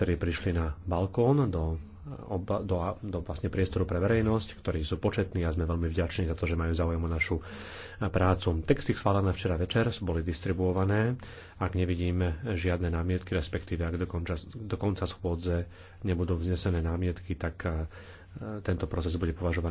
ktorí prišli na balkón do, oba, do, do vlastne priestoru pre verejnosť, ktorí sú početní a sme veľmi vďační za to, že majú záujem o našu prácu. Texty schválené včera večer boli distribuované. Ak nevidíme žiadne námietky, respektíve ak do konca schôdze nebudú vznesené námietky, tak tento proces bude považovaný